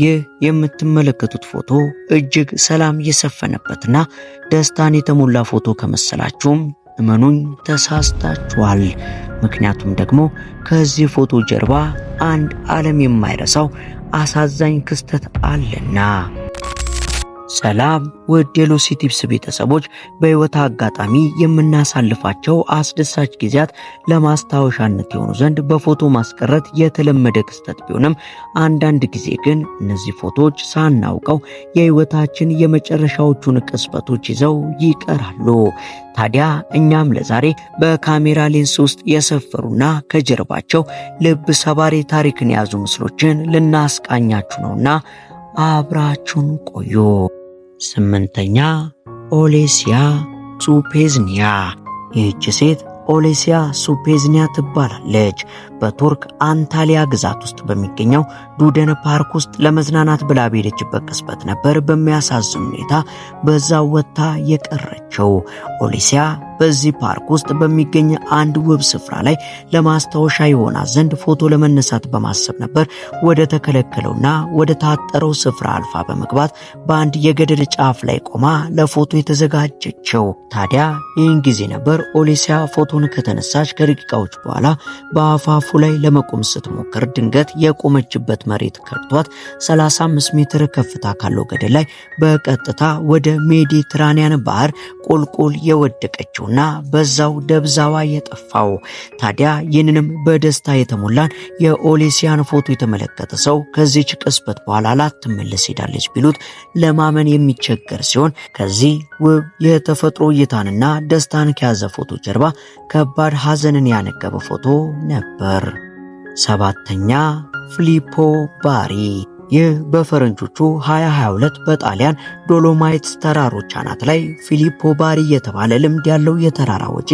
ይህ የምትመለከቱት ፎቶ እጅግ ሰላም የሰፈነበትና ደስታን የተሞላ ፎቶ ከመሰላችሁም እመኑኝ ተሳስታችኋል። ምክንያቱም ደግሞ ከዚህ ፎቶ ጀርባ አንድ ዓለም የማይረሳው አሳዛኝ ክስተት አለና ሰላም ውድ የሉሲ ቲፕስ ቤተሰቦች፣ በሕይወት አጋጣሚ የምናሳልፋቸው አስደሳች ጊዜያት ለማስታወሻነት የሆኑ ዘንድ በፎቶ ማስቀረት የተለመደ ክስተት ቢሆንም አንዳንድ ጊዜ ግን እነዚህ ፎቶዎች ሳናውቀው የሕይወታችን የመጨረሻዎቹን ቅጽበቶች ይዘው ይቀራሉ። ታዲያ እኛም ለዛሬ በካሜራ ሌንስ ውስጥ የሰፈሩና ከጀርባቸው ልብ ሰባሪ ታሪክን የያዙ ምስሎችን ልናስቃኛችሁ ነውና አብራችሁን ቆዩ። ስምንተኛ ኦሌሲያ ሱፔዝኒያ። ይህች ሴት ኦሌሲያ ሱፔዝኒያ ትባላለች። በቱርክ አንታሊያ ግዛት ውስጥ በሚገኘው ዱደን ፓርክ ውስጥ ለመዝናናት ብላ በሄደችበት ቅጽበት ነበር በሚያሳዝን ሁኔታ በዛ ወጥታ የቀረችው። ኦሊሲያ በዚህ ፓርክ ውስጥ በሚገኝ አንድ ውብ ስፍራ ላይ ለማስታወሻ የሆናት ዘንድ ፎቶ ለመነሳት በማሰብ ነበር ወደ ተከለከለውና ወደ ታጠረው ስፍራ አልፋ በመግባት በአንድ የገደል ጫፍ ላይ ቆማ ለፎቶ የተዘጋጀችው። ታዲያ ይህን ጊዜ ነበር ኦሊሲያ ፎቶን ከተነሳች ከደቂቃዎች በኋላ በአፋ ሰልፉ ላይ ለመቆም ስትሞክር ድንገት የቆመችበት መሬት ከርቷት 35 ሜትር ከፍታ ካለው ገደል ላይ በቀጥታ ወደ ሜዲትራኒያን ባህር ቁልቁል የወደቀችውና በዛው ደብዛዋ የጠፋው። ታዲያ ይህንንም በደስታ የተሞላን የኦሌሲያን ፎቶ የተመለከተ ሰው ከዚች ቅስበት በኋላ ላትመለስ ሄዳለች ቢሉት ለማመን የሚቸገር ሲሆን ከዚህ ውብ የተፈጥሮ እይታንና ደስታን ከያዘ ፎቶ ጀርባ ከባድ ሐዘንን ያነገበ ፎቶ ነበር። ሰባተኛ ፊሊፖ ባሪ ይህ በፈረንጆቹ 2022 በጣሊያን ዶሎማይት ተራሮች አናት ላይ ፊሊፖ ባሪ የተባለ ልምድ ያለው የተራራ ወጪ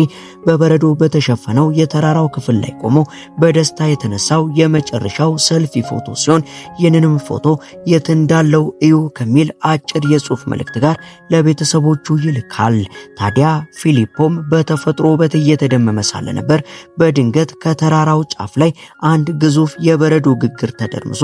በበረዶ በተሸፈነው የተራራው ክፍል ላይ ቆሞ በደስታ የተነሳው የመጨረሻው ሰልፊ ፎቶ ሲሆን ይህንንም ፎቶ የት እንዳለው እዩ ከሚል አጭር የጽሑፍ መልእክት ጋር ለቤተሰቦቹ ይልካል። ታዲያ ፊሊፖም በተፈጥሮ ውበት እየተደመመ ሳለ ነበር በድንገት ከተራራው ጫፍ ላይ አንድ ግዙፍ የበረዶ ግግር ተደርምሶ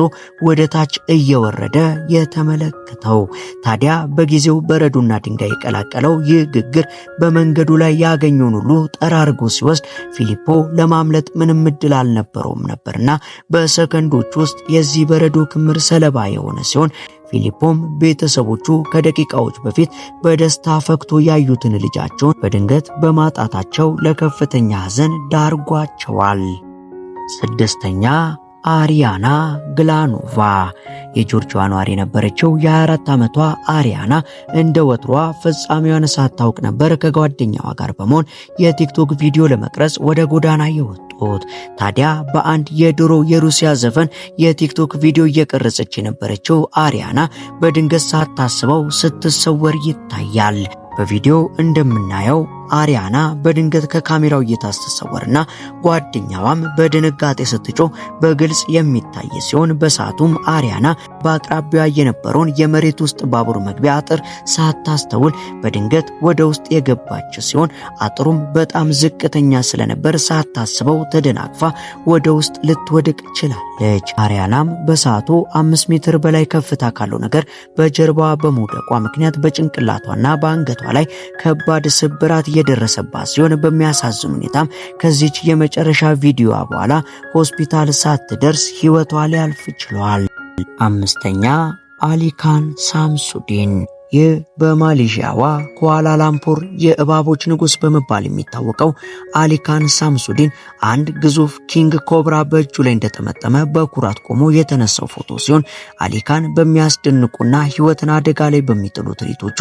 ወደ ታች እየወረደ የተመለከተው ታዲያ በጊዜው በረዶና ድንጋይ የቀላቀለው ይህ ግግር በመንገዱ ላይ ያገኘውን ሁሉ ጠራርጎ ሲወስድ ፊሊፖ ለማምለጥ ምንም እድል አልነበረውም ነበርና በሰከንዶች ውስጥ የዚህ በረዶ ክምር ሰለባ የሆነ ሲሆን ፊሊፖም ቤተሰቦቹ ከደቂቃዎች በፊት በደስታ ፈክቶ ያዩትን ልጃቸውን በድንገት በማጣታቸው ለከፍተኛ ሐዘን ዳርጓቸዋል። ስድስተኛ አሪያና ግላኖቫ የጆርጂዋ ነዋሪ የነበረችው የ24 ዓመቷ አሪያና እንደ ወትሯ ፍጻሜዋን ሳታውቅ ነበር ከጓደኛዋ ጋር በመሆን የቲክቶክ ቪዲዮ ለመቅረጽ ወደ ጎዳና የወጡት። ታዲያ በአንድ የድሮ የሩሲያ ዘፈን የቲክቶክ ቪዲዮ እየቀረጸች የነበረችው አሪያና በድንገት ሳታስበው ስትሰወር ይታያል። በቪዲዮ እንደምናየው አሪያና በድንገት ከካሜራው እይታ ስትሰወርና ጓደኛዋም በድንጋጤ ስትጮ በግልጽ የሚታይ ሲሆን በሰዓቱም አሪያና በአቅራቢያ የነበረውን የመሬት ውስጥ ባቡር መግቢያ አጥር ሳታስተውል በድንገት ወደ ውስጥ የገባች ሲሆን አጥሩም በጣም ዝቅተኛ ስለነበር ሳታስበው ተደናቅፋ ወደ ውስጥ ልትወድቅ ችላለች። አሪያናም በሰዓቱ አምስት ሜትር በላይ ከፍታ ካለው ነገር በጀርባ በመውደቋ ምክንያት በጭንቅላቷና በአንገቷ ላይ ከባድ ስብራት የደረሰባት ሲሆን በሚያሳዝን ሁኔታም ከዚች የመጨረሻ ቪዲዮዋ በኋላ ሆስፒታል ሳትደርስ ሕይወቷ ሊያልፍ ችሏል። አምስተኛ አሊካን ሳምሱዲን ይህ በማሌዥያዋ ኳላላምፑር የእባቦች ንጉሥ በመባል የሚታወቀው አሊካን ሳምሱዲን አንድ ግዙፍ ኪንግ ኮብራ በእጁ ላይ እንደተመጠመ በኩራት ቆሞ የተነሳው ፎቶ ሲሆን አሊካን በሚያስደንቁና ሕይወትን አደጋ ላይ በሚጥሉ ትርኢቶቹ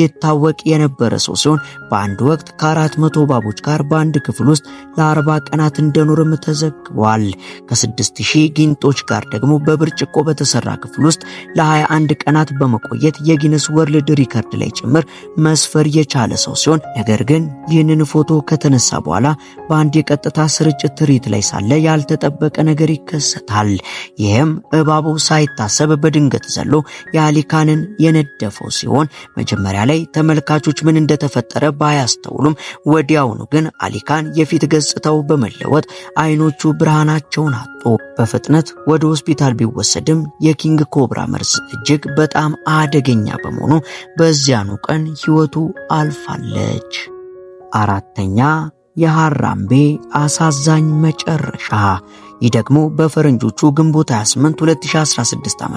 ይታወቅ የነበረ ሰው ሲሆን በአንድ ወቅት ከአራት መቶ እባቦች ጋር በአንድ ክፍል ውስጥ ለአርባ ቀናት እንደኖርም ተዘግቧል። ከስድስት ሺህ ጊንጦች ጋር ደግሞ በብርጭቆ በተሰራ ክፍል ውስጥ ለ አንድ ቀናት በመቆየት የጊነስ ወር የትውልድ ሪከርድ ላይ ጭምር መስፈር የቻለ ሰው ሲሆን ነገር ግን ይህንን ፎቶ ከተነሳ በኋላ በአንድ የቀጥታ ስርጭት ትርኢት ላይ ሳለ ያልተጠበቀ ነገር ይከሰታል። ይህም እባቡ ሳይታሰብ በድንገት ዘሎ የአሊካንን የነደፈው ሲሆን መጀመሪያ ላይ ተመልካቾች ምን እንደተፈጠረ ባያስተውሉም ወዲያውኑ ግን አሊካን የፊት ገጽታው በመለወጥ አይኖቹ ብርሃናቸውን አጡ። በፍጥነት ወደ ሆስፒታል ቢወሰድም የኪንግ ኮብራ መርዝ እጅግ በጣም አደገኛ በመሆኑ በመሆኑ በዚያኑ ቀን ሕይወቱ አልፋለች። አራተኛ የሐራምቤ አሳዛኝ መጨረሻ። ይህ ደግሞ በፈረንጆቹ ግንቦት 28 2016 ዓ.ም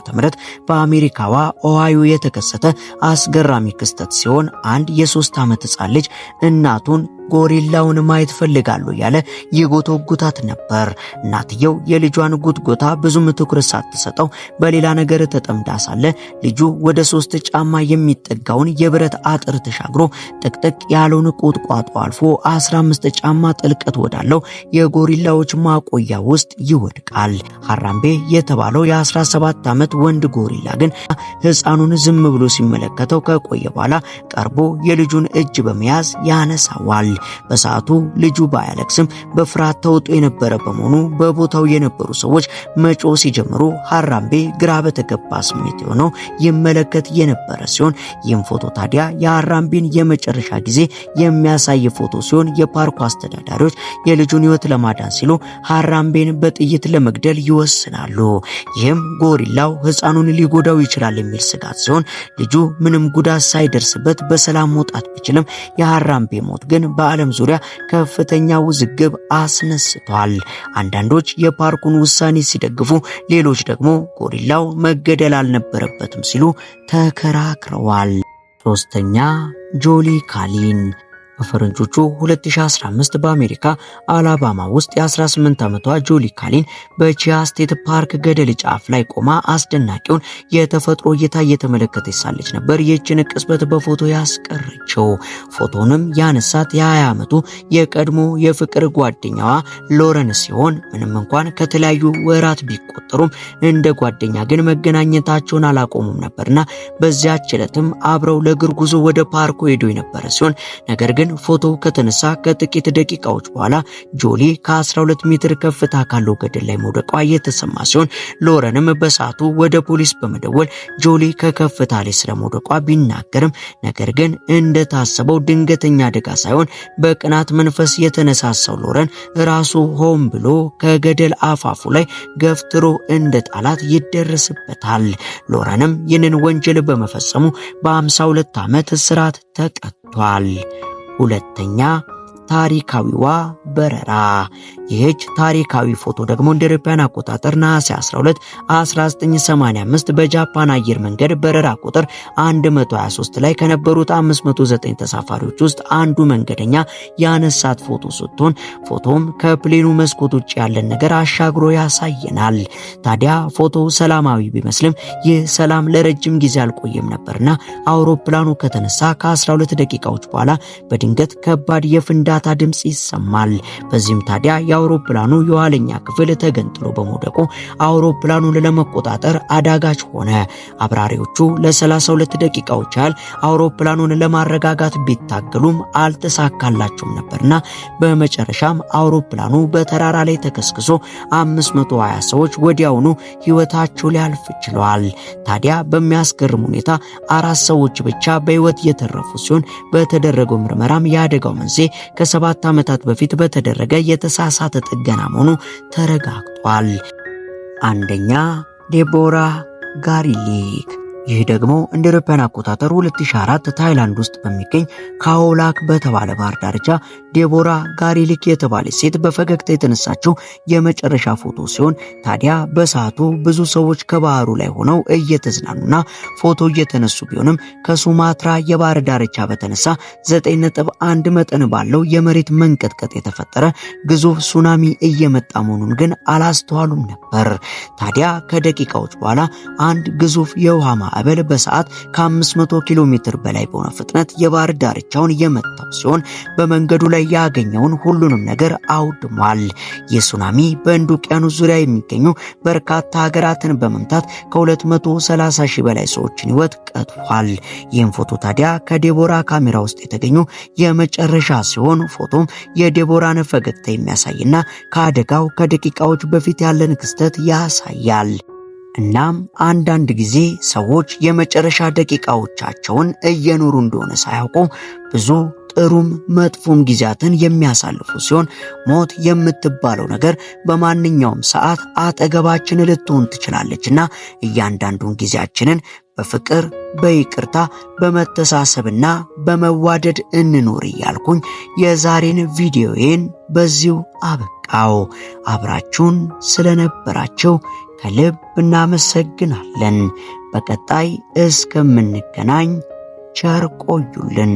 በአሜሪካዋ ኦሃዮ የተከሰተ አስገራሚ ክስተት ሲሆን አንድ የሶስት ዓመት ሕፃን ልጅ እናቱን ጎሪላውን ማየት ፈልጋለሁ ያለ የጎተጉታት ነበር። እናትየው የልጇን ጉትጎታ ብዙም ትኩረት ሳትሰጠው በሌላ ነገር ተጠምዳ ሳለ ልጁ ወደ ሶስት ጫማ የሚጠጋውን የብረት አጥር ተሻግሮ ጥቅጥቅ ያለውን ቁጥቋጦ አልፎ 15 ጫማ ጥልቀት ወዳለው የጎሪላዎች ማቆያ ውስጥ ይወድቃል። ሀራምቤ የተባለው የ17 ዓመት ወንድ ጎሪላ ግን ሕፃኑን ዝም ብሎ ሲመለከተው ከቆየ በኋላ ቀርቦ የልጁን እጅ በመያዝ ያነሳዋል። በሰዓቱ ልጁ ባያለቅስም በፍርሃት ተውጦ የነበረ በመሆኑ በቦታው የነበሩ ሰዎች መጮ ሲጀምሩ ሀራምቤ ግራ በተገባ ስሜት የሆነው ይመለከት የነበረ ሲሆን ይህም ፎቶ ታዲያ የሀራምቤን የመጨረሻ ጊዜ የሚያሳይ ፎቶ ሲሆን የፓርኩ አስተዳዳሪዎች የልጁን ሕይወት ለማዳን ሲሉ ሀራምቤን በጥይት ለመግደል ይወስናሉ። ይህም ጎሪላው ሕፃኑን ሊጎዳው ይችላል የሚል ስጋት ሲሆን ልጁ ምንም ጉዳት ሳይደርስበት በሰላም መውጣት ቢችልም የሀራምቤ ሞት ግን በዓለም ዙሪያ ከፍተኛ ውዝግብ አስነስቷል። አንዳንዶች የፓርኩን ውሳኔ ሲደግፉ፣ ሌሎች ደግሞ ጎሪላው መገደል አልነበረበትም ሲሉ ተከራክረዋል። ሶስተኛ ጆሊ ካሊን በፈረንጆቹ 2015 በአሜሪካ አላባማ ውስጥ የ18 ዓመቷ ጆሊ ካሊን በቺያ ስቴት ፓርክ ገደል ጫፍ ላይ ቆማ አስደናቂውን የተፈጥሮ እይታ እየተመለከተች ሳለች ነበር ይህችን ቅጽበት በፎቶ ያስቀረችው። ፎቶንም ያነሳት የ20 ዓመቱ የቀድሞ የፍቅር ጓደኛዋ ሎረን ሲሆን ምንም እንኳን ከተለያዩ ወራት ቢቆጠሩም እንደ ጓደኛ ግን መገናኘታቸውን አላቆሙም ነበርና በዚያች ዕለትም አብረው ለእግር ጉዞ ወደ ፓርኩ ሄዶ የነበረ ሲሆን ነገር ግን ግን ፎቶው ከተነሳ ከጥቂት ደቂቃዎች በኋላ ጆሊ ከ12 ሜትር ከፍታ ካለው ገደል ላይ መውደቋ የተሰማ ሲሆን ሎረንም በሰዓቱ ወደ ፖሊስ በመደወል ጆሊ ከከፍታ ላይ ስለመውደቋ ቢናገርም ነገር ግን እንደታሰበው ድንገተኛ አደጋ ሳይሆን በቅናት መንፈስ የተነሳሳው ሎረን ራሱ ሆን ብሎ ከገደል አፋፉ ላይ ገፍትሮ እንደ ጣላት ይደረስበታል። ሎረንም ይህንን ወንጀል በመፈጸሙ በ52 ዓመት እስራት ተቀጥቷል። ሁለተኛ ታሪካዊዋ በረራ ይህች ታሪካዊ ፎቶ ደግሞ እንደ አውሮፓውያን አቆጣጠር ነሐሴ 12 1985 በጃፓን አየር መንገድ በረራ ቁጥር 123 ላይ ከነበሩት 509 ተሳፋሪዎች ውስጥ አንዱ መንገደኛ ያነሳት ፎቶ ስትሆን ፎቶም ከፕሌኑ መስኮት ውጭ ያለን ነገር አሻግሮ ያሳየናል። ታዲያ ፎቶው ሰላማዊ ቢመስልም ይህ ሰላም ለረጅም ጊዜ አልቆየም ነበርና አውሮፕላኑ ከተነሳ ከ12 ደቂቃዎች በኋላ በድንገት ከባድ የፍንዳታ ድምፅ ይሰማል። በዚህም ታዲያ የአውሮፕላኑ የኋለኛ ክፍል ተገንጥሎ በመውደቁ አውሮፕላኑን ለመቆጣጠር አዳጋች ሆነ። አብራሪዎቹ ለ32 ደቂቃዎች ያህል አውሮፕላኑን ለማረጋጋት ቢታገሉም አልተሳካላቸውም ነበርና በመጨረሻም አውሮፕላኑ በተራራ ላይ ተከስክሶ 520 ሰዎች ወዲያውኑ ሕይወታቸው ሊያልፍ ችለዋል። ታዲያ በሚያስገርም ሁኔታ አራት ሰዎች ብቻ በሕይወት የተረፉ ሲሆን በተደረገው ምርመራም የአደጋው መንስኤ ከሰባት ዓመታት በፊት በተደረገ የተሳሳ እሳተ ጥገና መሆኑ ተረጋግጧል። አንደኛ ዴቦራ ጋሪሊክ ይህ ደግሞ እንደ አውሮፓውያን አቆጣጠር 2004 ታይላንድ ውስጥ በሚገኝ ካውላክ በተባለ ባህር ዳርቻ ዴቦራ ጋሪሊክ የተባለች ሴት በፈገግታ የተነሳችው የመጨረሻ ፎቶ ሲሆን ታዲያ በሰዓቱ ብዙ ሰዎች ከባህሩ ላይ ሆነው እየተዝናኑና ፎቶ እየተነሱ ቢሆንም ከሱማትራ የባህር ዳርቻ በተነሳ 9.1 መጠን ባለው የመሬት መንቀጥቀጥ የተፈጠረ ግዙፍ ሱናሚ እየመጣ መሆኑን ግን አላስተዋሉም ነበር። ታዲያ ከደቂቃዎች በኋላ አንድ ግዙፍ የውሃ ማዕበል በሰዓት ከ500 ኪሎ ሜትር በላይ በሆነ ፍጥነት የባህር ዳርቻውን የመታው ሲሆን በመንገዱ ላይ ያገኘውን ሁሉንም ነገር አውድሟል። የሱናሚ በህንድ ውቅያኖስ ዙሪያ የሚገኙ በርካታ ሀገራትን በመምታት ከ230 ሺ በላይ ሰዎችን ህይወት ቀጥፏል። ይህም ፎቶ ታዲያ ከዴቦራ ካሜራ ውስጥ የተገኙ የመጨረሻ ሲሆን ፎቶም የዴቦራን ፈገግታ የሚያሳይና ከአደጋው ከደቂቃዎች በፊት ያለን ክስተት ያሳያል። እናም አንዳንድ ጊዜ ሰዎች የመጨረሻ ደቂቃዎቻቸውን እየኖሩ እንደሆነ ሳያውቁ ብዙ ጥሩም መጥፎም ጊዜያትን የሚያሳልፉ ሲሆን ሞት የምትባለው ነገር በማንኛውም ሰዓት አጠገባችን ልትሆን ትችላለችና እያንዳንዱን ጊዜያችንን በፍቅር በይቅርታ በመተሳሰብና በመዋደድ እንኖር እያልኩኝ የዛሬን ቪዲዮዬን በዚሁ አበቃው። አብራችሁን ስለነበራችሁ ከልብ እናመሰግናለን። በቀጣይ እስከምንገናኝ ቸር ቆዩልን።